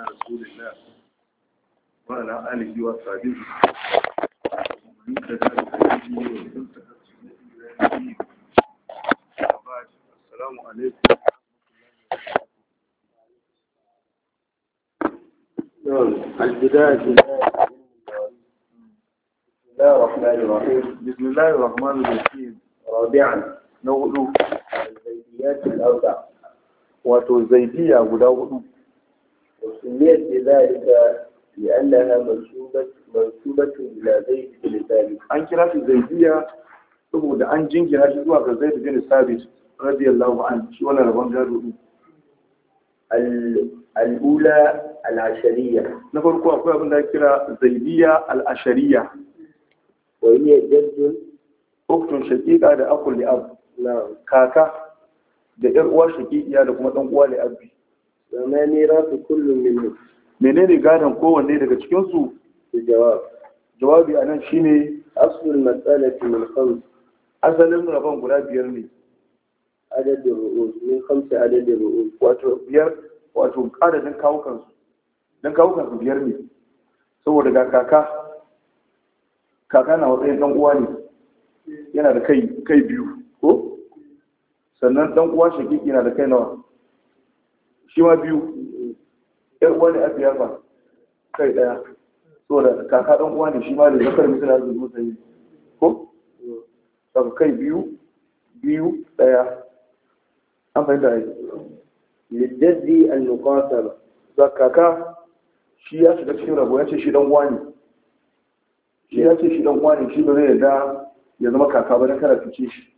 على رسول الله وعلى آله وصحبه ومن تدار السلام عليكم بسم الله الرحمن الرحيم رابعا نقول الزيديات الأربع وتزيدية ولا وسميت بذلك لأنها منسوبة منسوبة إلى زيد بن ثابت. أن كرات زيدية saboda an jingina shi zuwa ga Zaid bin Sabit radiyallahu anhu shi wannan rabon gado din. Al-ula al-ashariya. Na farko akwai abin da ake kira Zaidiya al-ashariya. Wa hiya jaddun uktun shaqiqa da akul li ab. Kaka da ƴar uwa shaqiqiya da kuma ɗan uwa li abi. وما kullum كل Mene menene gadon kowanne daga cikinsu? su jawab jawabi a shi shine Asalin mas'alati min khams asalin rabon guda biyar ne adadin ru'us min khamsi adadin ru'us wato biyar wato adadin kawukansu don kawukansu kawukan su biyar ne saboda ga kaka kaka na matsayin dan uwa ne yana da kai kai biyu ko sannan dan uwa shakiki na da kai nawa shi ma biyu yan wani abiyar a siyasa kai daya da kaka dan uwa ne shi ma da zakar misali azu musa yi ko daga kai biyu biyu daya an fahimta ai liddazi al-muqasala Kaka shi ya shiga cikin rabo ya ce shi dan uwa ne shi ya ce shi dan uwa ne shi ba zai yarda ya zama kaka ba dan kada ce shi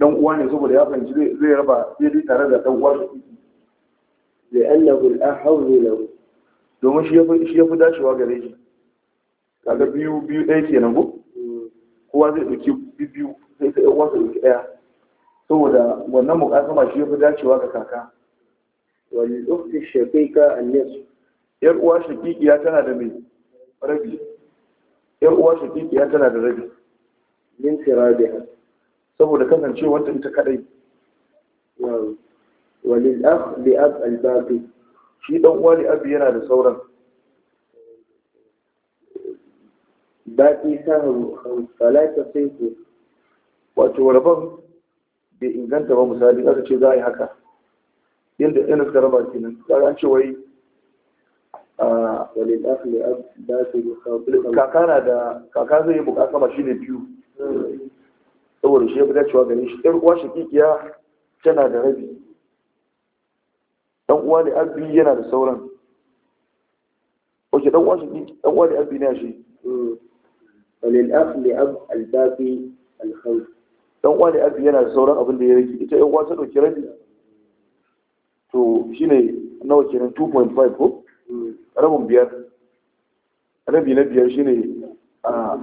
dan uwa ne saboda ya fahimci zai raba zai tare da dan uwa لأنه الأحوذ له domin shi ya fi dacewa gare shi kaga biyu ɗaya ke nan kowa zai ɗauki biyu sai ka ɗauki wasu ɗauki ɗaya saboda wannan mukasama shi ya fi dacewa ga kaka wani ɗauki shaƙiƙa annesu yar uwa shaƙiƙiya tana da mai rabi yar uwa shaƙiƙiya tana da rabi min sirabiha saboda kasancewar ta ita walil akh li ab al baqi shi dan uwa li abi yana da sauran baqi sahu salata sayfu wato rabon bai inganta ba misali aka ce za a yi haka Inda yana suka raba kenan kaga an ce wai walil akh li ab baqi kaka na da kaka zai yi bukata ba ne biyu hmm. saboda shi ya fi dacewa gare shi ɗan uwa shakikiya tana da rabi uwa ne abi yana da sauran wace dan uwa shi dan uwa ne abi ne shi walil ne abi yana da sauran abin da ya rage ita yan uwa ta dauki rabi to shine nawa kenan 2.5 ko hmm. rabin biyar rabi na biyar shine a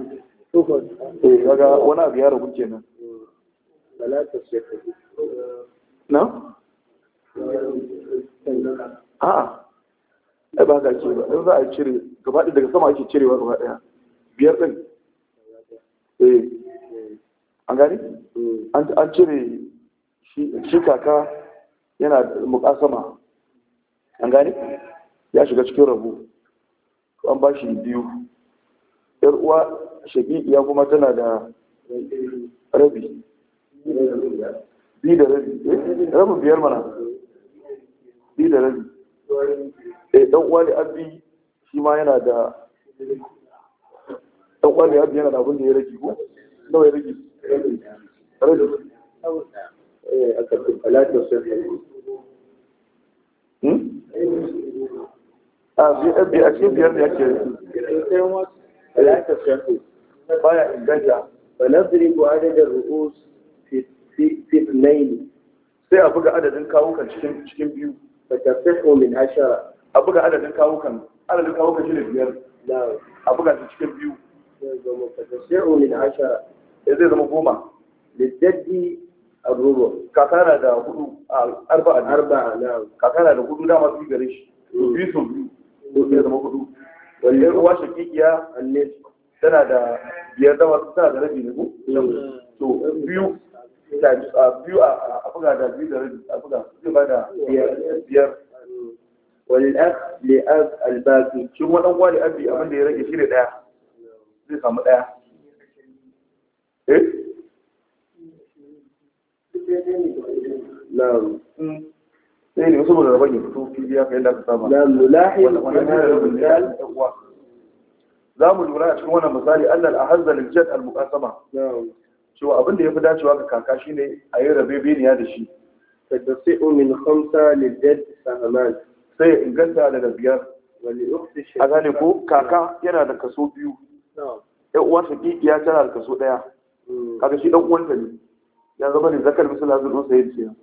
eh wani abu ya rabu kenan hmm. na a'a ai ba ka ce ba in za a cire gaba ɗaya daga sama ake cirewa gaba ɗaya biyar ɗin eh an gani mm. an cire shi kaka yana muka sama an gani ya shiga cikin rabu an ba shi biyu yar uwa shaƙiƙiya kuma tana da rabi biyu da rabi rabin eh, biyar mana shi da rabi eh dan wani abi shi ma yana da dan wani abi yana da abin da ya rage ko nawa ya rage rabi eh aka alaka sai ne hmm a ah, bi abbi a cikin biyar da yake alaka sai baya inganta فنضرب عدد ru'us fi fi اثنين sai a buga adadin kawukan cikin cikin biyu fatasihhu min ashara a buga adadin kawukan adadin kawukan shi da biyar a buga shi cikin biyu fatasihhu min ashara ya zai zama goma liddaddi arrubu kakana da hudu arba'a arba'a na'am kakana da hudu dama su gare shi biyu sun biyu ya zama hudu wallan uwa shakikiya annis tana da biyar dama tana da rabi ne biyu a biyu a buga da biyu da rabi a والأخ لأب الباقي شو أنا أولي أبي أمن لي رجع شيء لده زي كم ده إيه لا إيه نوصل ولا بني بتو في بيا في عندك طبعا لا نلاحظ هذا المثال لا من ولا شو أنا مثالي أن الأحز للجد المقاسمة نعم cewa abin da ya fi dacewa ga kaka shi ne a yi rabe beniya da shi da sai umin hamsa ne dead sahaman sai ya inganta daga biyar a gane ko kaka yana da kaso biyu yan uwan ya tara da kaso ɗaya hmm. kaga shi dan uwanta ne ya zama ne zakar misali zuwa sayin ciya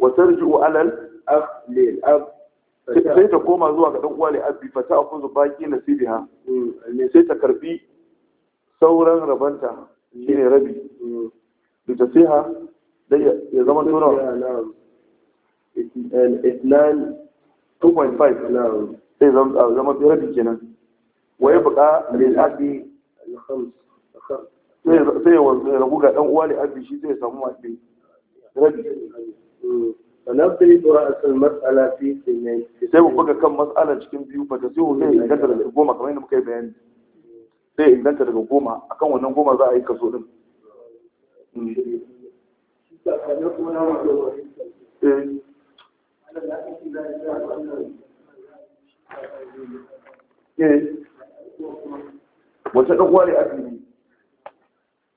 wasar ji'u alal ab sai ta koma zuwa ga ɗan'uwa da abbi fata a kunzu baki na sibiha hmm, sai ta karbi sauran rabanta ne rabi litasiha dai ya zama tura 2.5 na'am sai zama rabi kenan wa ya buƙa lil abi sai ya ragu ga dan uwa lil shi zai samu mafi rabi فنضرب رأس المسألة في سنين. سيبقى كم مسألة كم بيو فتسيبه زي كتر الأسبوع ما كمان مكيف يعني. sai inganta daga goma akan wannan goma za a yi kaso din hmm. eh. wata ɗan a fili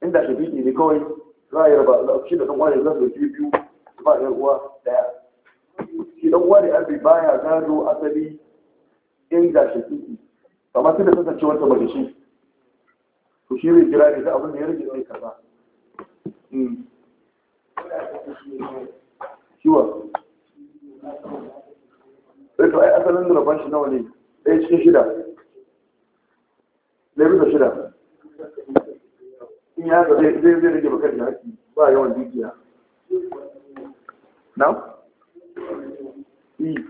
inda shafiƙi ne kawai za a yi raba shi da ɗan ware za su biyu ba ɗan uwa ɗaya shi ɗan ware azumi baya gado asali inda shafiƙi ba ma sai da kasance wata mace shi to shi zai jira ne da abin da ya rage zai karba ciwa sai hmm. eh, to ai asalin rabon shi nawa ne ɗaya eh, cikin shida ɗaya bisa shida in ya haka zai zai rage bakar da haƙi ba yawan jijiya. na? Eh.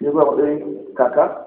yi ba matsayin kaka?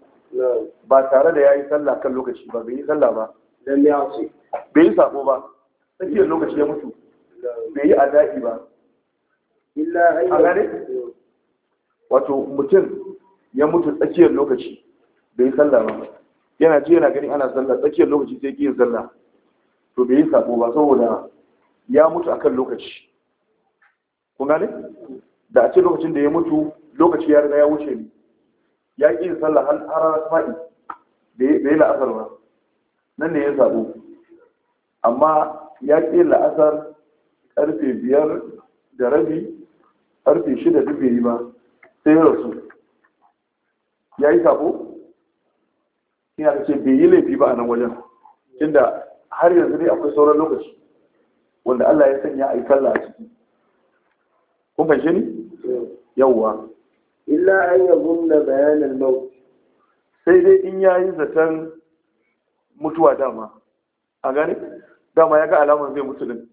ba tare da ya yi sallah kan lokaci ba bai yi sallah ba bai yi sako ba tsakiyar lokaci ya mutu bai yi adaki ba a gane wato mutum ya mutu tsakiyar lokaci bai yi sallah ba yana ji yana gani ana sallah tsakiyar lokaci sai ki yin sallah to bai yi sako ba saboda ya mutu akan lokaci kun gane da a ce lokacin da ya mutu lokaci ya riga ya wuce ne ya ƙi yin sallah har har fa'i bai la'asar ba nan ne ya sabu amma ya ƙi yin la'asar ƙarfe biyar da rabi ƙarfe shida duk bai yi ba sai ya rasu ya yi sabu ina da ce bai yi laifi ba a nan wajen Inda har yanzu ne akwai sauran lokaci wanda Allah ya sanya a yi sallah a ciki kun fahimci ni eh. yawwa illa an yadhunna bayan bayanan maut sai dai in yayi zaton mutuwa dama a gani dama ya ga alamar zai mutu din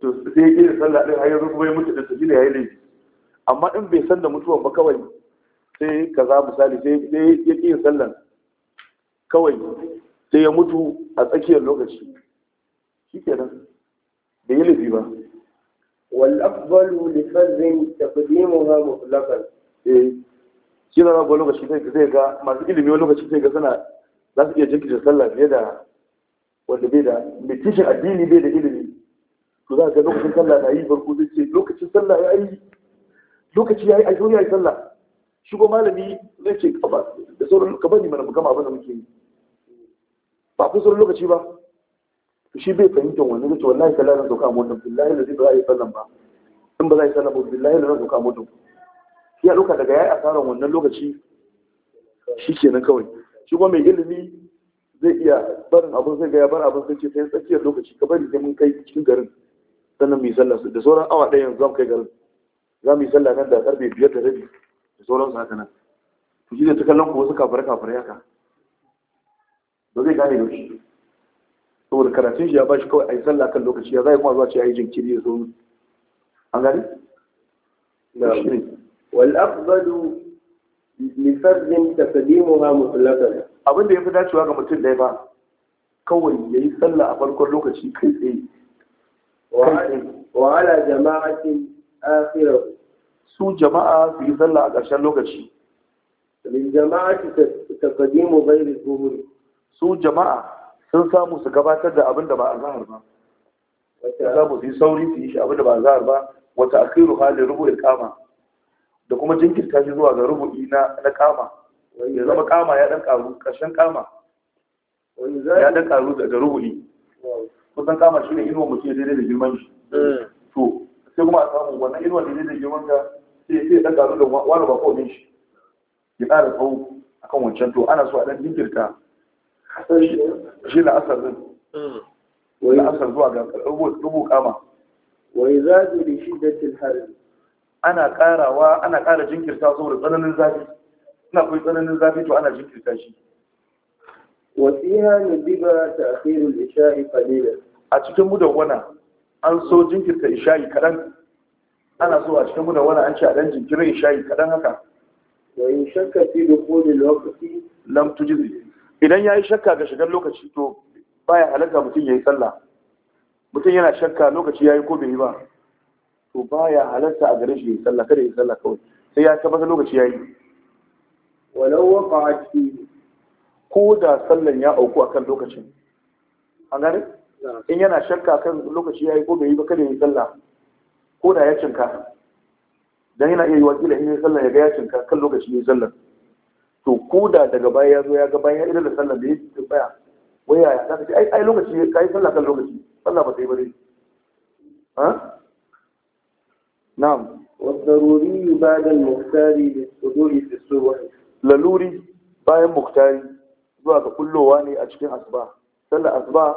to sai ya kira sallah din har kuma ya mutu din sai ya yi laifi amma din bai san da mutuwan ba kawai sai kaza misali sai ya kira sallah kawai sai ya mutu a tsakiyar lokaci kenan, bai yi laifi ba والأفضل لفرد تقديمها مطلقا shi da rabuwa lokaci zai ga masu ilimi wani lokaci sai ga suna za su iya jinkirta sallah fiye da wanda bai da mutishin addini bai da ilimi to za ga lokacin sallah na yi farko zai ce lokacin sallah ya yi lokaci ya yi a ya yi sallah shi ko malami zai ce da sauran kaba bari mana mu gama abin da muke yi ba ku sauran lokaci ba shi bai fahimtar wani zai ce wallahi sallah zan sauka a motar billahi da zai ba yi sallan ba in ba za a yi sallan ba billahi da zan sauka a motar shi ya ɗauka daga ya yi asarar wannan lokaci shi kenan kawai shi kuma mai ilimi zai iya barin abin zai gaya bar abin sai ce sai tsakiyar lokaci ka bari sai mun kai cikin garin sannan mai yi sallah da sauran awa ɗaya yanzu za mu kai garin za mu yi sallah nan da karfe biyar da rabi da sauransu haka nan to shi da ta kallon ku wasu kafare kafare haka ba zai gane yaushe saboda karatun shi ya bashi kawai a yi sallah kan lokaci ya zai kuma zuwa ce a yi jinkiri zo sauran an gani? fardin tasdimu ha مطلقا abin da ya fi dacewa ga mutum dai ba kawai ya yi sallah a farkon lokaci kai tsaye wa ala jama'atin akhira su jama'a su yi sallah a ƙarshen lokaci lil jama'ati tasdimu ghayr dhuhur su jama'a sun samu su gabatar da abin da ba a zahar ba wata samu su yi sauri su yi shi abin da ba a zahar ba wata akhiru halin rubu ya kama da kuma jinkirta shi zuwa ga rubu'i na na kama ya zama kama ya dan karu karshen kama ya dan karu daga rubu'i kusan kama shi ne inuwa mutum daidai da girman shi to sai kuma a samu wannan inuwa daidai da girman ka sai ya dan karu da wani ba kawai shi ya ƙara tsawo akan wancan to ana so a dan jinkirta shi la'asar din hmm. la'asar zuwa ga rubu kama wai zaɗi da shiddatin harin ana ƙarawa ana ƙara jinkirta saboda tsananin zafi ina kuwa tsananin zafi to ana jinkirta shi wasiha ne diba ta akhirul isha'i qalila a cikin mudawwana an so jinkirta isha'i kaɗan ana so a cikin mudawwana an ci a dan jinkirin isha'i kaɗan haka Wai in shakka fi dukhulil waqti lam tujzi idan ya yi shakka ga shigar lokaci to baya halarta mutum ya yi sallah mutum yana shakka lokaci ya yi ko bai yi ba to baya halarta a gare shi ya yi sallah kada ya yi sallah kawai sai ya tabbata lokaci ya yi walau waka fi ko da sallan ya auku akan lokacin an gane in yana shakka kan lokaci ya yi ko bai yi ba kada ya yi sallah ko da ya cinka dan yana iya yi wakila in ya sallah ya ga ya cinka kan lokaci ya yi sallah to ko da daga baya ya zo ya ga bayan idan da sallar da ya ce baya wai ya ta ka ce ai lokaci ka yi sallah kan lokaci sallah ba ta yi ba dai ha na'am al بعد bi للصدور في suwa laluri bayan muktari zuwa ga kullowa ne a cikin asuba sallar asuba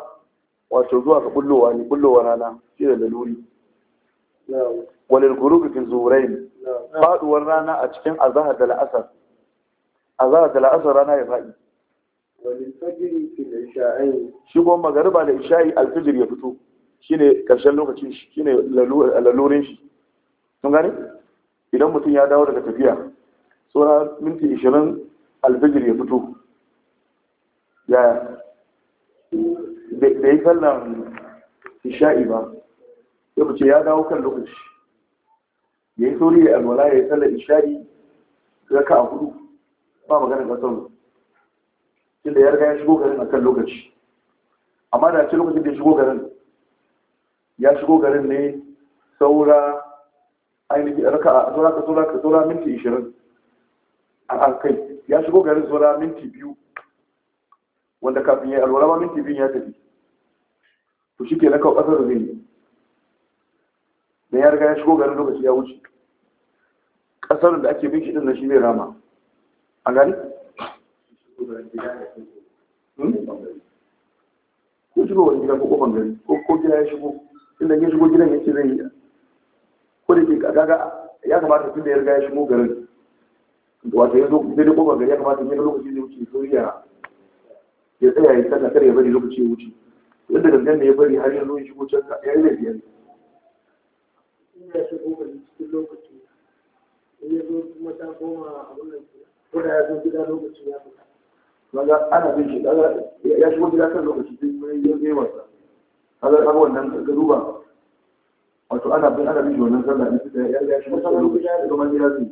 wato zuwa ga kullowa ne kullowa rana shi da laluri walil ghurubi fi zuhrayn faduwar rana a cikin azahar da la'asar azhar da la'asar rana ya faɗi shi kuma magariba da isha'i alfijir ya fito Shi ne karshen lokacin shi Shi ne lalurin shi Sun gane idan mutum ya dawo daga tafiya tsora minti ishirin alfijir ya fito ya da yi kallon isha'i ba ya fice ya dawo kan lokaci ya yi tsori ya alwala ya yi kallon isha'i ka a hudu ba maganin kasar inda ya riga ya shigo garin a kan lokaci amma da ce lokacin da ya shigo garin ya shigo garin ne saura ainihi raka a saura ka saura ka saura minti ishirin a kai ya shigo garin saura minti biyu wanda kafin ya yi alwala ba minti biyu ya tafi to shi ke na kawo ƙasar zai yi da ya riga ya shigo garin lokaci ya wuce ƙasar da ake bin shi ɗin na shi mai rama Agari, hmm? ko shigo wani gida ko kofan gari ko gida ya shigo inda ya shigo gidan yake zai yi ko da ke gaga ya kamata tun da ya riga ya shigo garin wato ya zo zai da kofan gari ya kamata ya lokaci zai wuce so ya ya tsaya ya tsaka kar ya bari lokaci ya wuce yadda gangan da ya bari har yanzu ya shigo can ya yi laifi yanzu. Ya shigo gari cikin lokaci ya zo kuma ta koma abin da ko ya zo gida lokaci ya fita kaga ana bin shi kaga ya shigo gida kan lokaci yi kaga kaga wannan ka duba wato ana bin ana bin wannan sallah ne sai ya ya shigo kan lokaci ya kuma gida zai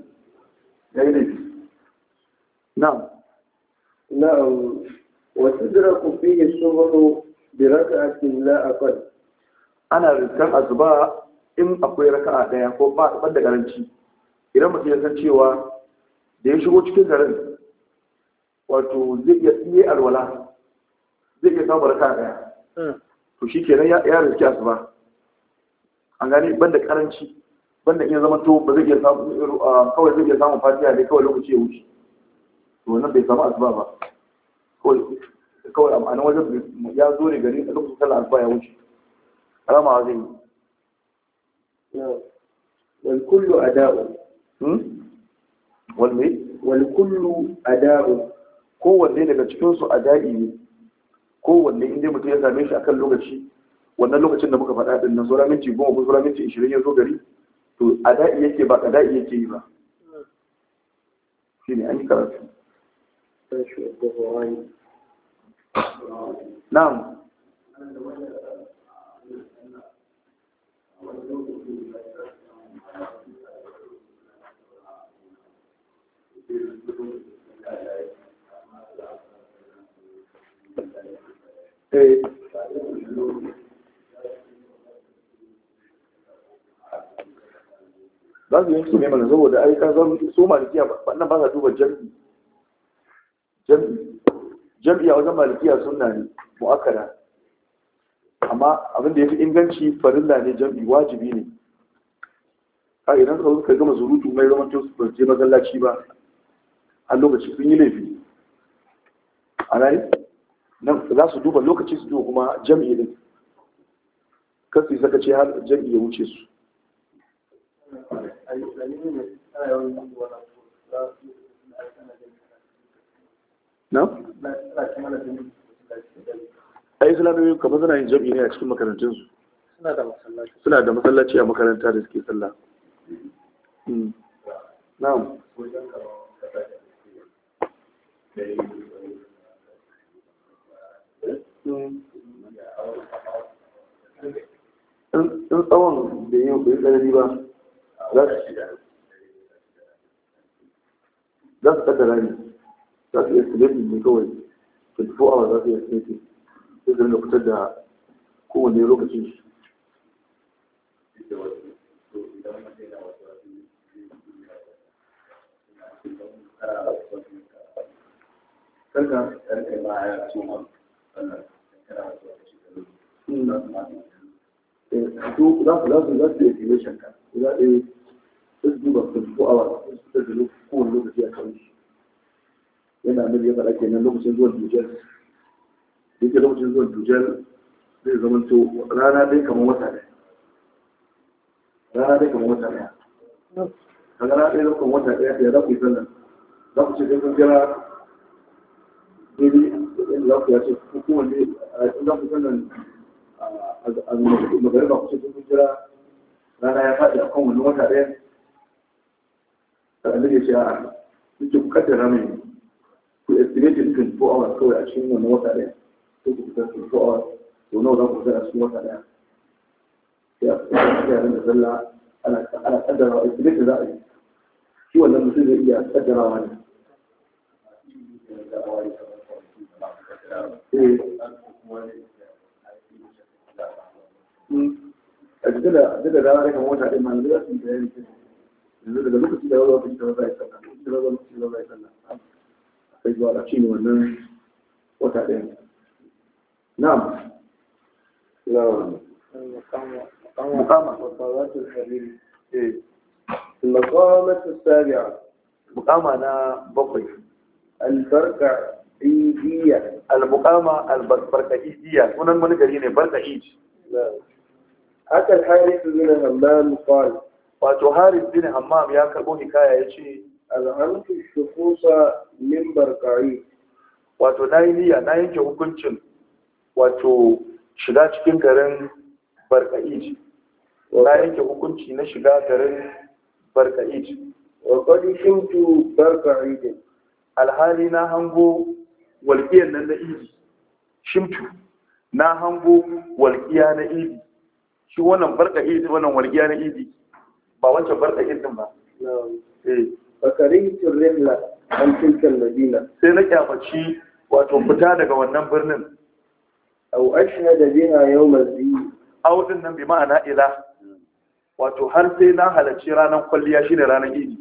ya yi laifi na'am na'am wa tudraku fihi shughlu bi rak'atin la aqal ana rikan azuba in akwai raka'a daya ko ba da garanci idan mutum ya san cewa da ya shigo cikin garin wato zai iya yi alwala zai iya samun barka daya hmm. to shi kenan ya riski asuba an gani banda karanci banda iya zama to ba zai iya samun kawai zai iya samun fatiha ne kawai lokaci ya wuce to wannan bai samu asuba ba kawai a nan wajen ya zo ne gari a lokacin kala asuba ya wuce alama zai yi wal kullu ada'u hmm? wal mai wal kullu ada'u kowanne daga cikin su ada'i ne kowanne inda mutum ya same shi akan lokaci wannan lokacin da muka faɗa din nan sura minti goma ko sura minti ishirin ya zo gari to ada'i yake ba ada'i yake yi ba shi ne an yi karatu na'am za su yanki ne mana saboda ai ka zan so malikiya wannan ba sa duba jami'i jami'i a wajen malikiya sunna ne mu'akara amma abin da ya fi inganci farilla ne jami'i wajibi ne a idan ka zo suka gama zurutu mai zaman to su je masallaci ba a lokaci sun yi laifi a nan za su duba lokaci su duba kuma jam'i din kasu saka ce har jam'i ya wuce su na? a ne kamar suna yin jam'i ne a cikin makarantunsu suna da masallaci a makaranta da suke sallah hmm. na'am in tsawon da yin kuyi tsanani ba za su kaddara ne za su iya estimating ne kawai 24 hours za su iya estimating sai su rinka da kowane lokacin shi Sannan karfe ba ya da eh, za su za su za su yi relation za su yi su duba su ko awa su da da kowane lokaci a kan shi yana nabi ya faɗa kenan lokacin zuwan dujal yake lokacin zuwan dujal zai zama to rana ɗaya kamar wata ɗaya rana ɗaya kamar wata ɗaya kaga rana ɗaya kamar wata ɗaya ya za ku yi sannan za ku ce sai kun za ku yace ko kowanne za ku sannan magariba ku ce kun jira rana ya faɗi a kan wani wata ɗaya da annabi ya ce a'a kuke ku kaddara mai ku estimate 24 hours kawai a cikin wani wata ɗaya ko ku fitar 24 hours to nawa za ku fitar a cikin wata ɗaya sai a fitar da zalla ana kaddarawa estimate za a yi shi wannan mutum zai iya kaddarawa ne da da da rika mota din man da sun da yanzu yanzu daga lokaci da wani lokaci da wani zai sallah lokaci da wani lokaci da wani zai sallah sai zuwa da cinye wannan wata ɗaya na'am na'am مقامة وصلاة الحبيب المقامة السابعة مقامة أنا بقي البركة idiya al-muqama al-barka'i diya wani gari ne barka'i haka al-harith bin hammam qala wato harith bin hammam ya karbo hikaya yace al-hamdu shukusa min barka'i wato nayi niyya na yanke hukuncin wato shiga cikin garin barka'i na yanke hukunci na shiga garin barka'i wa qad shimtu barka'i alhali na hango walƙiyar nan na idi shimtu na hango walƙiya na idi shi wannan barka idi wannan walƙiya na idi ba wancan barka idin ba eh. fakarintun rihla an tilkan madina sai na kyamaci wato fita daga wannan birnin au ashna da biha yau zini au din nan bi ma'ana ila wato har sai na halarci ranar kwalliya shine ranar idi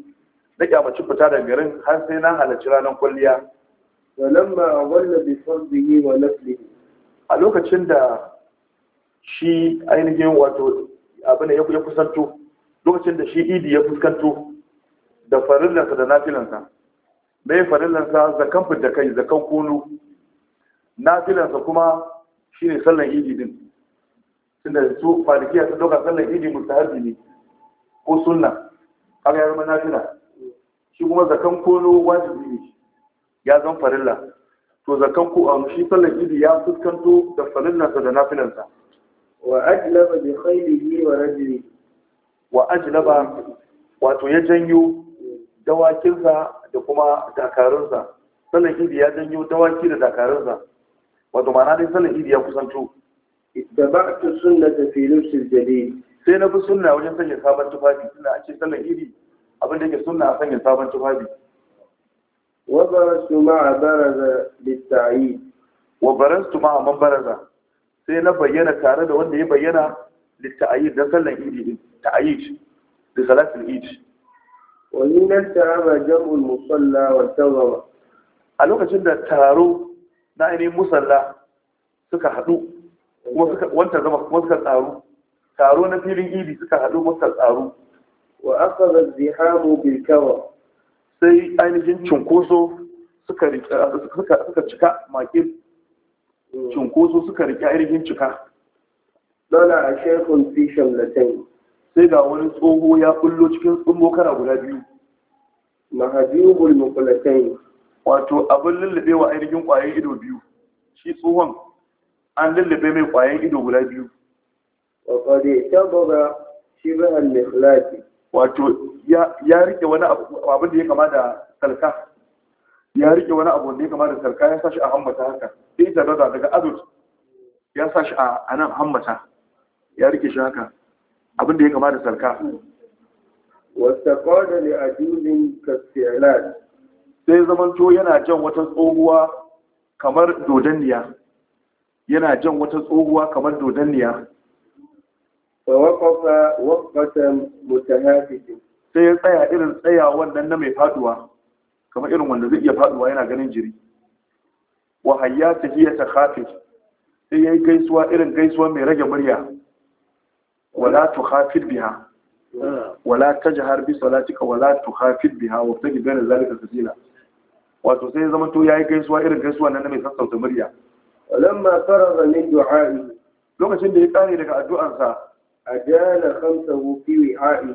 na kyamaci fita daga garin har sai na halarci ranar kwalliya walamma walla bi fardihi wa naflihi a lokacin da shi ainihin wato abin da ya kusanto lokacin da shi idi ya fuskanto da farillansa da nafilansa mai farillansa zakan fidda kai zakan kunu nafilansa kuma shi ne sallan idi din tunda su falikiya ta doka sallan idi mustahabi ne ko sunna aka ya zama nafila shi kuma zakan kunu wajibi ne ya zan farilla to zakan ku a um, shi sallan idi ya fuskanto da farillansa da nafilansa wa ajlaba bi khaylihi wa rajli wa ajlaba wato ya janyo dawakinsa da kuma dakarunsa sallan idi ya janyo dawaki da dakarunsa wato ma'ana dai sallan idi ya kusanto ittaba'tu sunnata fi lubsil jadid sai na bi sunna wajen sanya sabon tufafi suna a ce sallan idi abin da yake sunna a sanya sabon tufafi وبرزت مع برز للتعيين وبرزت مع من برز sai na bayyana tare da wanda ya bayyana litta'ayyid da sallan idi ta'ayyid da salatul idi wani nan ta'aba jam'ul musalla wal tawaba a lokacin da taro na ainihin musalla suka haɗu zama kuma suka taro na filin iri suka haɗu kuma suka tsaru wa aka zazzihamu bil kawa sai ainihin cunkoso suka cika makin cunkoso suka riƙe ainihin cika dole a shekun fi shamlatai sai ga wani tsoho ya kullo cikin tsumbo kara guda biyu mahajibul mukulatai wato abin lullube wa ainihin ƙwayan ido biyu shi tsohon an lullube mai ƙwayan ido guda biyu wa qad tabara shibha al-ikhlasi wato ya rike wani abu da ya kama da sarka ya rike wani abu da ya kama da sarka ya sashi a hambata haka sai ta daga daga adult ya sashi a nan hambata ya rike shi haka abin da ya kama da sarka wasta kwada ne a jirgin kastiyalan sai zamanto yana jan wata tsohuwa kamar dodanniya yana jan wata tsohuwa kamar dodanniya فوقف وقفة متهافت sai ya tsaya irin tsaya wannan na mai faduwa kamar irin wanda zai iya faduwa yana ganin jiri wa ta hiya ta khafi sai yayi gaisuwa irin gaisuwa mai rage murya wala tu khafi biha wala tajhar bi salatika wala tu khafi biha wa tabi baina zalika sabila wato sai zama to yayi gaisuwa irin gaisuwa nan mai sassauta murya lamma faraga min du'a lokacin da ya kare daga addu'ansa. ajala khamsahu fi wi'a'i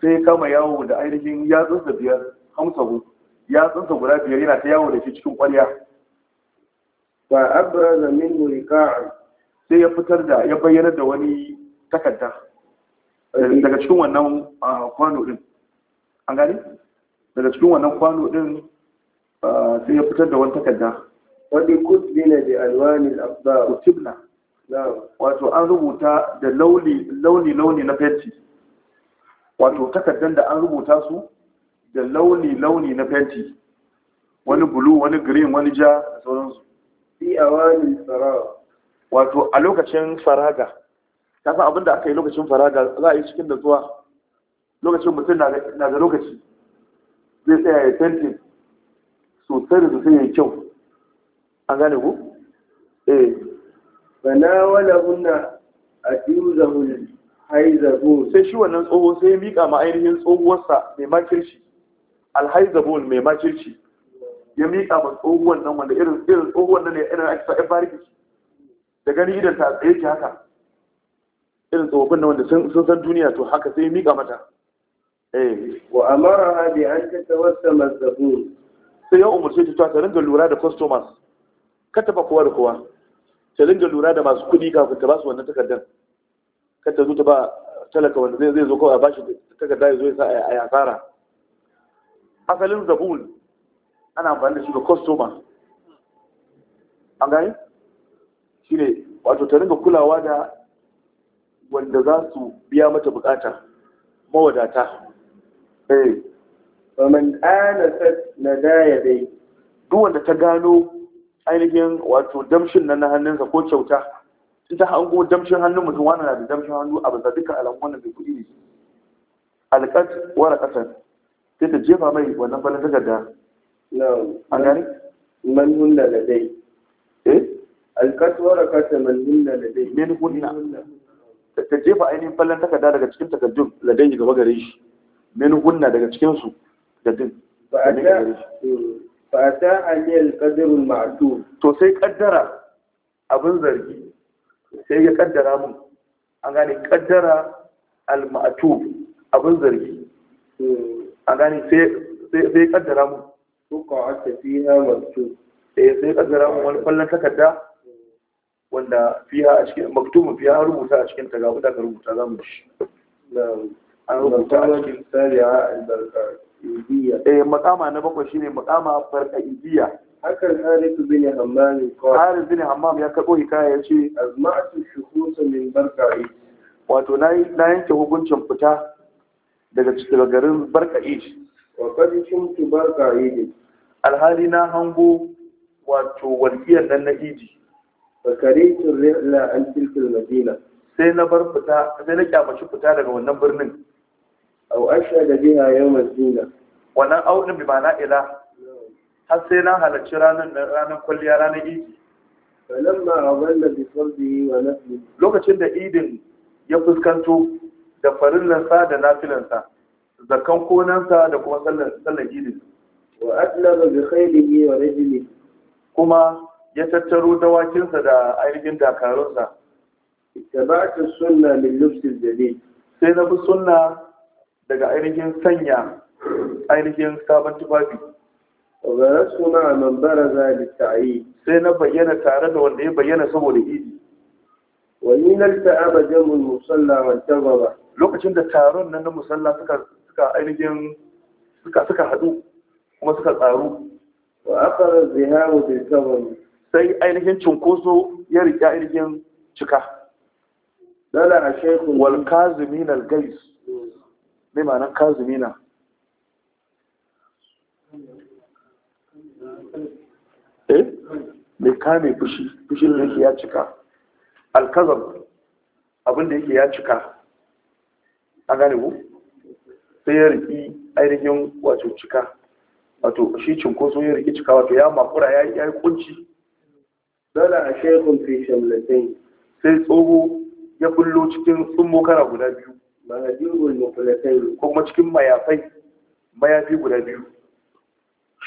sai kama yawo da ainihin ya da biyar khamsahu ya sa guda biyar yana ta yawo da shi cikin ƙwarya fa abraza min riqa'a sai ya fitar da ya bayyana da wani takarda daga cikin wannan kwano din an gani daga cikin wannan kwano din sai ya fitar da wani takarda wani kutbina bi alwanil afdal kutbina wato an rubuta da launi-launi na fenti wato takardar da an rubuta su da launi-launi na fenti wani bulu wani green wani ja da sauransu fi awani tsarawa. wato a lokacin faraga ta fi abinda aka yi lokacin faraga za a yi cikin da zuwa lokacin mutum na da lokaci zai tsaya ya fenti sosai da sosai ya kyau an gane ku? eh fanawalahunna ajuzahul haizabun sai shi wannan tsoho sai ya mika ma ainihin tsohuwarsa mai makirci alhaizabun mai makirci ya mika ma tsohuwan nan wanda irin irin tsohuwan nan ne irin ake sa bariki da gani idan ta tsaye ki haka irin tsofaffin nan wanda sun san duniya to haka sai ya mika mata eh wa amaraha bi an tatawassama zabun sai ya umarce ta ta ringa lura da customers ka taba kowa da kowa ta dinga lura da masu kuɗi kafin ta ba su wannan takardar kar ta zo ta ba talaka wanda zai zai zo kawai a bashi takarda ya zo ya sa a yasara asalin zabul ana amfani da shi ga kwastoma an gani shi ne wato ta ringa kulawa da wanda za su biya mata bukata mawadata eh faman anasat na daya dai duk wanda ta gano ainihin wato damshin nan na hannunsa ko kyauta in ta hango damshin hannun mutum wani na da damshin hannu a bisa dukkan alamu wannan bai kuɗi ne alƙat wara ƙasar sai ta jefa mai wannan falon takarda an gani man hunna da dai eh alƙat wara ƙasar man hunna da dai min hunna ta jefa ainihin falon takarda daga cikin takardun ladai gaba gare shi min hunna daga cikinsu da din ba a fa ta anil qadrul ma'tul to sai kaddara abin zargi sai ya kaddara mun an gane kaddara al ma'tub abin zargi hmm. an gane sai sai kaddara mun ko ka ta na ma'tub sai eh, sai kaddara mun wani kwallon takarda hmm. wanda fiha a cikin maktumin fiha rubuta a cikin ta ga da ka rubuta zamu shi an rubuta a cikin sariya al eh makama na bakwai shine makama farqaidiyya hakan Harith bin Hammam ko Harith bin Hammam ya karbo hikaya yace azma'tu shukhus min barqa'i wato na yanke hukuncin fita daga cikin garin barqa'i wa qad kuntu barqa'i alhali na hango wato walƙiyar dan na idi fakaraitu rihla an tilkil madina sai na bar fita sai na kyamaci fita daga wannan birnin au ashhadu biha yawm az-zina wannan audin bi ma'ana ila har sai na halarci ranar ranar kulliya ranar idi falamma awalla bi fardihi wa nafli lokacin da idin ya fuskanto da farillansa da nafilansa zakan konansa da kuma sallar idin wa adlaba bi khaylihi wa rajlihi kuma ya tattaro dawakinsa da ainihin dakarunsa ittaba'tu sunna lil lubs al-jadid sai na fi sunna daga ainihin sanya ainihin sabon tufafi wazara suna a lita a yi. sai na bayyana tare da wanda ya bayyana saboda idi wani a bajen jamun musalla wancan ba lokacin da taron nan na musalla suka suka ainihin suka suka kuma suka tsaru wa akara zihamu bil tababa sai ainihin cunkoso ya riƙe ainihin cika dala a shekun wal zumi na gais mai kazumi na eh mai kame fushi fushin da yake ya cika alkazam abin da yake ya cika a gane ku sai ya riki ainihin wato cika wato shi cinkoso ya riki cika wato ya makura ya yi kunci dole a shekun fi shamlatin sai tsoho ya bullo cikin tsummo kara guda biyu Ko kuma cikin mayafai mayafi guda biyu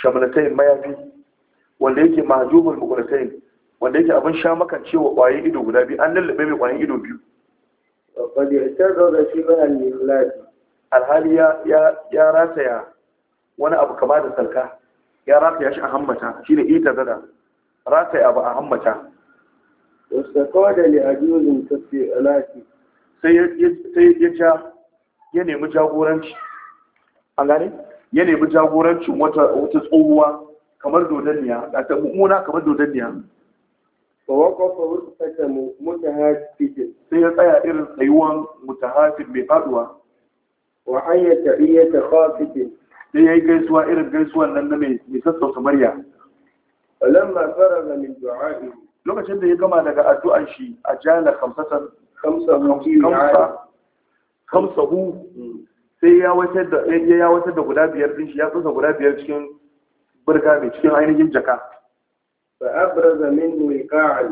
shamlatain mayafi wanda yake mahjubul muqlatain wanda yake abin sha makan cewa kwayoyin ido guda biyu an lallabe mai kwayoyin ido biyu qad i'tazara shi ba al-iflas alhali ya ya ya rataya wani abu kama da sarka. ya rataya shi a hammata shi ne shine itazara rataya abu a hammata Wasu da wastaqada li ajuzin tafi alati sai ya nemi jagoranci an gane ya nemi jagorancin wata tsohuwa kamar dodanniya. a ta mummuna kamar dodonniya ba wakon faru saka mutahafijin sai ya tsaya irin tsayuwan haifin mai faduwa wa an iya ta ya tafi sai ya yi gaisuwa irin gaisuwan nan na mai sassauta murya lamma fara ga min du'a'i lokacin da ya gama daga addu'an shi a jala kamsatan Kamsa hu hmm. sai ya watar da guda biyar din shi ya tsasa guda biyar cikin birka mai cikin ainihin jaka Ba a abraza min wiqa'i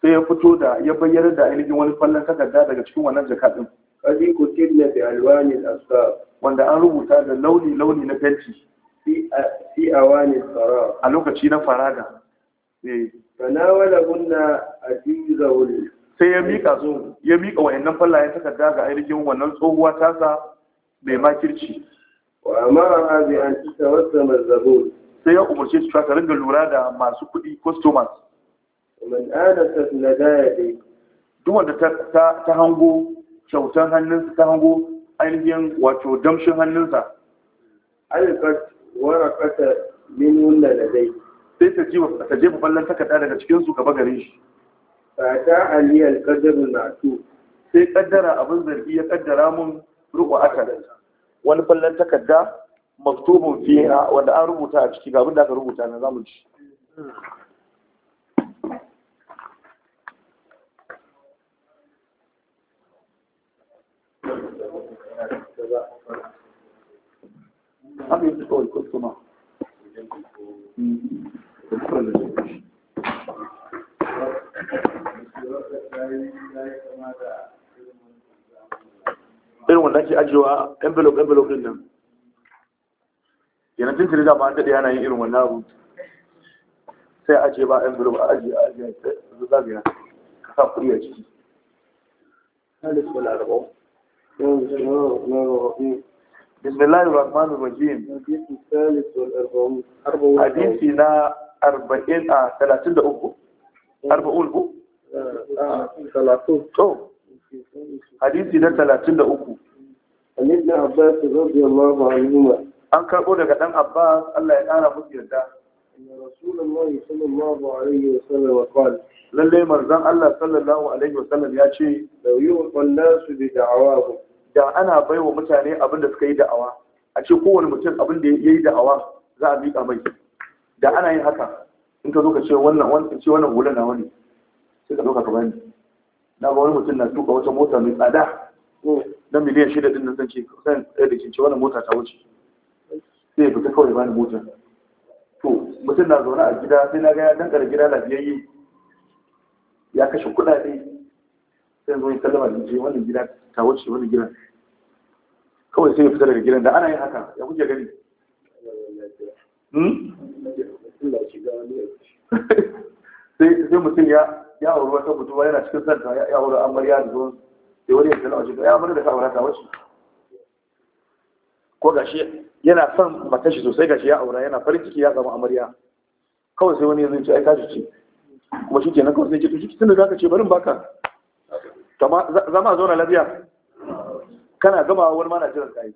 sai ya fito da ya bayyana da ainihin wani fallon takarda daga cikin wannan jaka din qadi kutibna bi alwani al-asfar wanda an rubuta da launi launi na fenti fi awani sara a lokaci na faraga eh fanawalahu na ajizawul sai ya mika su ya mika wayannan fallayen takarda ga ainihin wannan tsohuwa tasa mai makirci wa amara bi an tatawassama zabun sai ya umarce su ta ringa lura da masu kuɗi customers man adata ladaya duk wanda ta ta hango kyautan hannunsa ta hango ainihin wato damshin hannunsa alqat waraqata min wanda ladai sai ta ji ta jefa ballan takarda daga cikin su gaba gare shi fata aliyar kadarin na to sai kaddara abin zargi ya kaddara mun ruku wani fallon takarda maktubun fiha wanda an rubuta a ciki gabin da aka rubuta na zamu ci kuma. irin wanda ake ajiyewa envelope envelope din nan yana cin tiri da ba daɗe yana yin irin wanda abu sai ajiye ba envelope a ajiye a ajiye a zagaya ka sa kuri a ciki بسم الله na arba'in a talatin da uku. arba'un ku? to hadisi na talatin da uku na an karɓo daga ɗan abbas allah ya ƙara musu yarda lalle manzon allah sallallahu alaihi wa sallam ya ce da yiwu kwallasu da da'awa da ana baiwa mutane abin da suka yi da'awa a ce kowane mutum abin da ya yi da'awa za a miƙa mai da ana yin haka in ka zo ka ce wannan wannan ce wannan hulan nawa ne sai ka zo ka bani na ga wani mutum na tuka wata mota mai tsada na miliyan shida din nan zance zan tsaye da kince wannan mota ta wuce sai ya fita kawai bani mota. to mutum na zaune a gida sai na ga ya dankara gida lafiyayye ya kashe kuɗaɗe sai zo ya sallama da je wannan gida ta wuce wannan gidan kawai sai ya fita daga gidan da ana yin haka ya kuke gani hmm? sai mutum ya ya auri wata mutuwa yana cikin santa ya auri amarya da zuwa sai wani yanzu na wajen ya amarya da ka aura ta wace ko gashi yana son matashi sosai gashi ya aura yana farin ciki ya samu amarya kawai sai wani yanzu ce ai tashi ce kuma shi kenan kawai sai ce to shi tunda zaka ce barin baka zama a zauna lafiya kana gama wani ma na jiran kai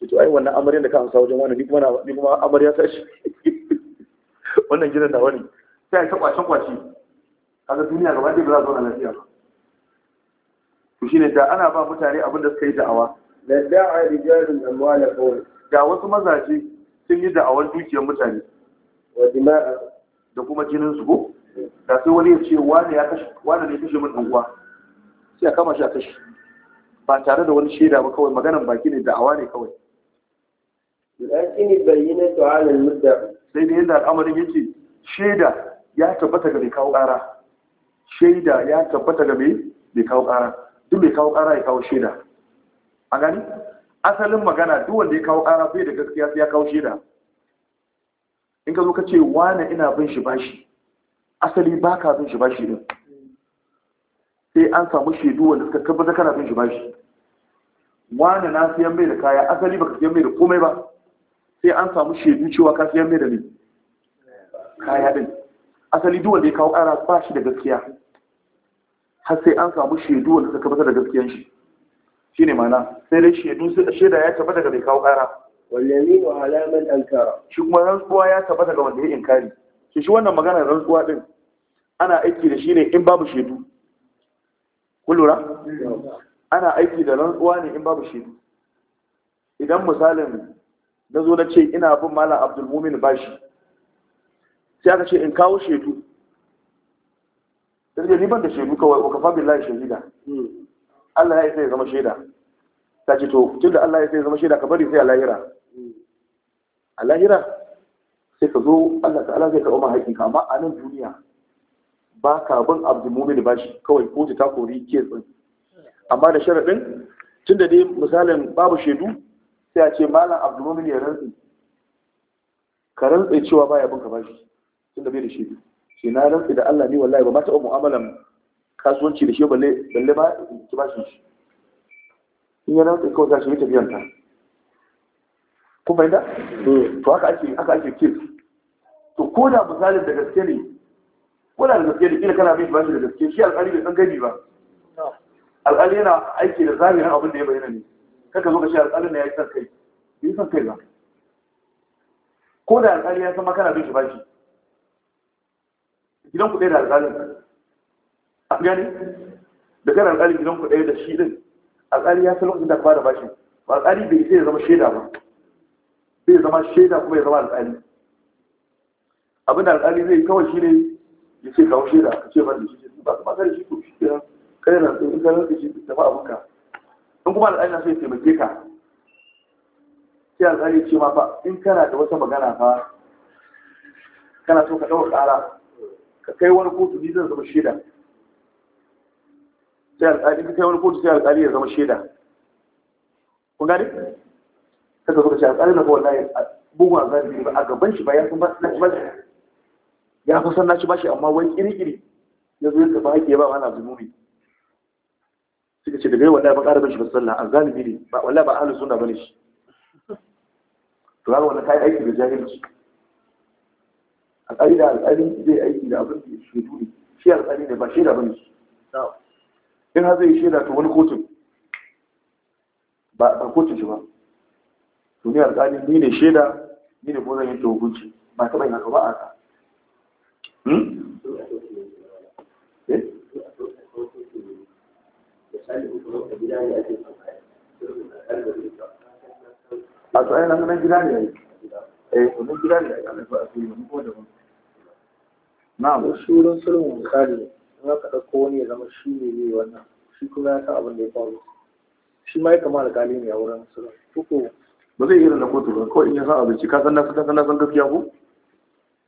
Sai to ai wannan amaryan da ka amsa wajen wani ni kuma amarya ta shi wannan gidan dawa ne sai a ta kwacen A kaga duniya gaba ɗaya ba za a zauna lafiya ba to shine da ana ba mutane abin da suka yi da'awa da da'a rijalun amwala kawai. da wasu mazaje sun yi da'awar dukiyar mutane wa da kuma jinin su ko da sai wani ya ce wani ya kashe wani ne kashe min uwa sai a kama shi a kashe ba tare da wani shaida ba kawai maganan baki ne da'awa ne kawai لكن bayyana على alal sai da yadda al'amarin yake shaida ya tabbata ga mai kawo ƙara shaida ya tabbata ga mai kawo ƙara duk mai kawo ƙara ya kawo shaida a gani asalin magana duk wanda ya kawo ƙara bai da gaskiya ya kawo shaida in ka zo ka ce wane ina bin shi bashi asali ba ka bin shi bashi din sai an samu shaidu wanda suka tabbata kana bin shi bashi wane na siyan mai da kaya asali ba ka siyan mai da komai ba sai an samu shaidu cewa ka siyar mai da mai kaya din asali duk wanda ya kawo ƙara ba shi da gaskiya har sai an samu shaidu wanda suka tabbatar da gaskiyan shi Shi ne mana sai dai shaidu shaida ya tabbata daga mai kawo ƙara wallahi wa alaman ankara shi kuma rantsuwa ya tabbata ga wanda ya inkari shi shi wannan magana rantsuwa din ana aiki da shi ne in babu shaidu Ku lura mm. ana aiki da rantsuwa ne in babu shaidu idan misalin na zo na ce ina bin malam abdulmumin bashi sai aka ce in kawo shaidu da ni ban da shaidu kawai wa kafa layi shahida hmm. Allah ya sai zama shaida ta ce to tunda Allah ya sai zama shaida ka bari sai a lahira hmm. a lahira sai ka zo Allah ta'ala zai karɓa ma Kama amma a nan duniya ba ka bin abdulmumin bashi kawai ko ta kori ke amma da sharaɗin tunda dai misalin babu shaidu sai a ce malam abdulmumin ya rantsi ka ya cewa baya bin ka bashi tun da bai da shi shi na rantsi da Allah ne wallahi ba ma taɓa mu'amalan kasuwanci da shi balle balle ba ki bashi shi in ya rantsi kawai za shi tafiyan ta kun fahimta hmm. to haka ake haka ake to ko da misalin da gaske ne ko da gaske ne kila kana mai bashi da gaske shi alƙali bai san gani ba alƙali yana aiki da zamirin abin da ya bayyana ne kaka zo ka shi alƙalin da ya yi son kai yi son kai ba ko da alƙali ya san makana bin shi ba shi gidan kuɗe da alƙalin a gani da kan alƙalin gidan kuɗe da shi ɗin alƙali ya san lokacin da ba da bashi ba alƙali bai sai ya zama shaida ba zai zama shaida kuma ya zama alƙali abin da alƙali zai yi kawai shi ne ya ce kawo shaida ka ce ba da shi ba ka ba ka da shi ko shi kira kai na tsohon kanar da shi da ba ka. in kuma alƙali na so ya taimake ka sai alƙali ce ma fa in kana da wata magana fa kana so ka ɗaura ƙara ka kai wani kotu ni zan zama shaida sai alƙali ka kai wani kotu sai alƙali ya zama shaida kun gani ka zo ka ce alƙali na kawai layin bugun zan ba a gaban shi ba ya san ba ya kusan san na ci bashi amma wani kiri-kiri ya zo ya ba ake ba, ba wani zunubi suka ce da bai wadda ba ƙara bin shi ba sallah a zalibi ne ba wallahi ba ahlus sunna bane shi to har wannan kai aiki da jahilci alƙali da alƙali zai aiki da abin da shi dole shi alƙali ne ba shaida bane shi in har zai shaida to wani kotun ba kotun shi ba to ni alƙali ni ne shaida ni ne ko zan yi hukunci ba taɓa yin haka ba a ka a tsaye na sunan gida ne eh sunan gida ne a nufa a fiye wani kuma daban na mu shurin sulhun misali in aka ɗauko wani ya zama shi ne ne wannan shi kuma ya san abin da ya faru shi ma ya kama alƙali ne a wurin sulhun kuku ba zai irin na kotu ba kawai in ya san abinci ka san na san nasan san gaskiya ko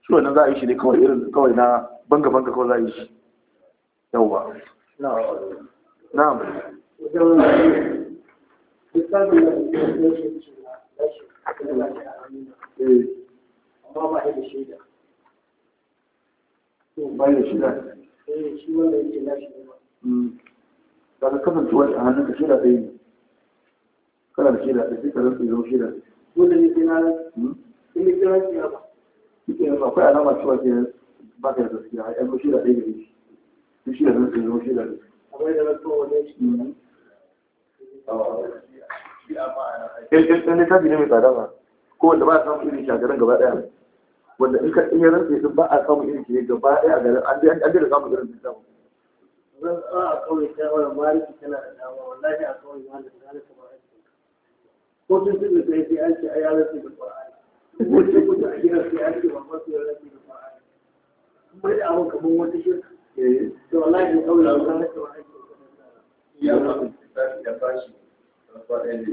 shi wannan za a yi shi ne kawai irin kawai na banga banga kawai za a yi shi yawwa na'am amma ba da shaida bayan shida shi wanda yake lashi ne ba daga kasance wani a hannun ka shida ɗaya ne kana da shida ɗaya sai ka zan zama shida ne sai na in da kira shi ba shi ba akwai alama cewa ke ba ka da gaskiya a shida ɗaya ne shi shida zan zama shida ɗaya ɗan littafi ne mai tsada ba ko wanda ba a samun irin shagaran gaba daya. wanda in ka iya rantsa din ba a samun irin shi gaba ɗaya a garin an dai samun irin littafi zan a kawai shawara maliki tana da dama wallahi a kawai maliki tana ta dama ko sun tunda sai sai an ce ai an rantsa da qur'ani ko sai kuma a gidan sai an ce ba ba su rantsa da qur'ani kuma da abun kamar wata shirka Eh, to wallahi ne kawai da wani kawai ake ya ba shi da ba da ba da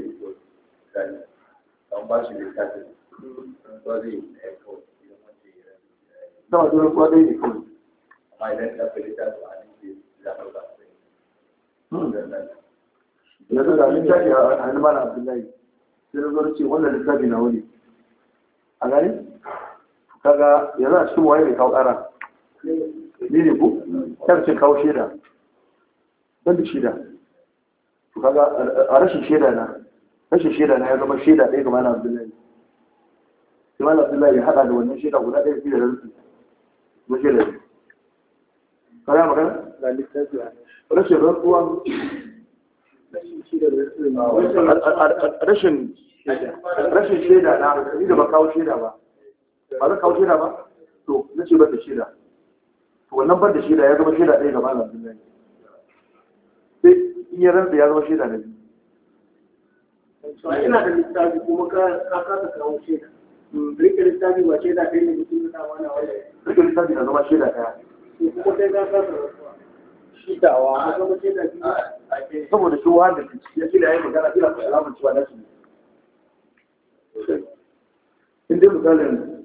da ya da da yanzu a hannun mana sai ce wannan littafi na wani a gani kaga yanzu a cikin waye mai kawo ƙara eh, ni ne ku kar ce kawo shaida ban da shaida to kaga a rashin shaida na rashin shaida na ya zama shaida ɗaya ga malam abdullahi sai malam abdullahi ya haɗa da wannan shaida guda ɗaya fiye da rantsi na shaida ne Ka kana magana rashin rantsuwa rashin rashin shaida na ni da ba kawo shaida ba ba zan kawo shaida ba to na ce ban da shaida to wannan bar da shaida ya zama shaida ɗaya ga malam abdullahi sai in ya rantsa ya zama shaida na biyu ina da littafi kuma ka kasa kawo shaida hmm, rike littafi ba shaida ɗaya ne mutum na mana wanda rike littafi na zama shaida ɗaya kuma sai ka kasa shaidawa a zama shaida biyu ah, saboda shi wa da ya shaida ya yi magana ina kuma alamun cewa na shi ne in dai misalin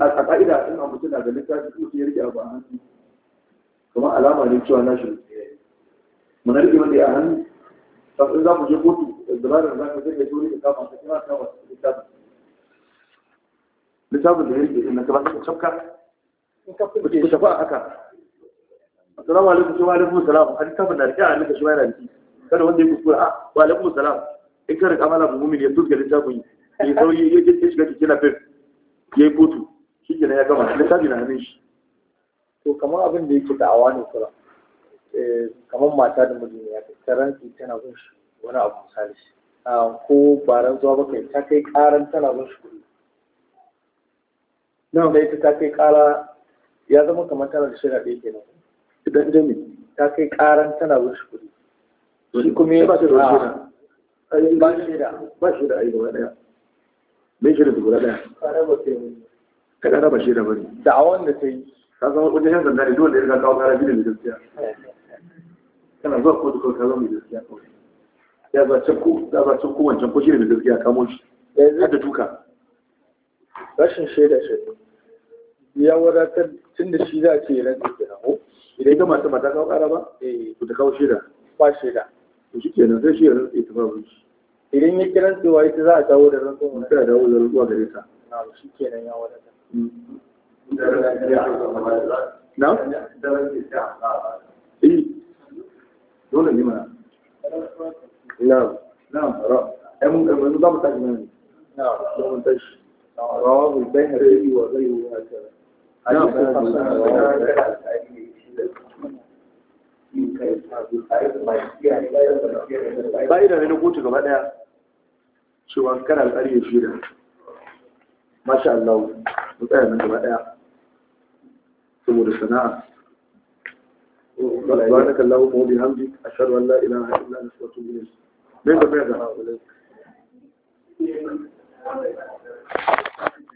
a ƙa'ida in a mutum na da littafi kuma ya rike abu a hannu kuma alama ne cewa na shi muna rike wanda ya hannu sabbin za mu je kotu dabarar za ka zai da dole ka kama ka kira ka wasu littafin littafin da yake na kaba ka cafka ku tafi a haka assalamu alaikum wa alaikum salam ta littafin da rike a ka shi ma yana kada wanda ya kuskura a ah, wa alaikum assalam in ka rika mala mumini ya tuska littafin ya sauyi ya shiga cikin na fef ya yi kotu shi ya gama littafin na hannun shi to kamar abin da yake da'awa ne kura eh, kamar mata da miji ne ya karanci tana bin shi wani abu misali shi ah, ko ba zuwa ba kai ta kai karan tana bin shi kuri nan da ita ta kai kara ya zama kamar tana da shirya ɗaya kenan idan jami ta kai karan tana bin shi kuri shi kuma ya ba shi da ah, ba shi da ba shi da ayyuka ɗaya bai shi da guda ɗaya ka ɗaya ba shi da bane da'awan da ta yi ka zama kudin yan sanda ne dole ya riga kawo kara biyu da gaskiya kana zuwa kotu kawai ka zama mai gaskiya kawai ya zace ko ya zace ko wancan ko shine da gaskiya kamo shi har da duka rashin shaida shi ya wadatar tun da shi za a ce ran da ke nago idan ga mata mata kawo kara ba Ku eh. ta kawo shaida ba shaida to shi kenan sai shi ya rantsa ita babu shi idan ya kiran cewa ita za a dawo da rantsuwa ta dawo da rantsuwa gare ta na shi kenan ya wadatar mm. na? Eh. dole ne na na eh, eh, na ne na kotu gaba daya cewa kana shida masha Allah gaba daya saboda sana'a سبحانك اللهم وبحمدك أشهد أن لا إله إلا أنت أستغفرك إليك ماذا ماذا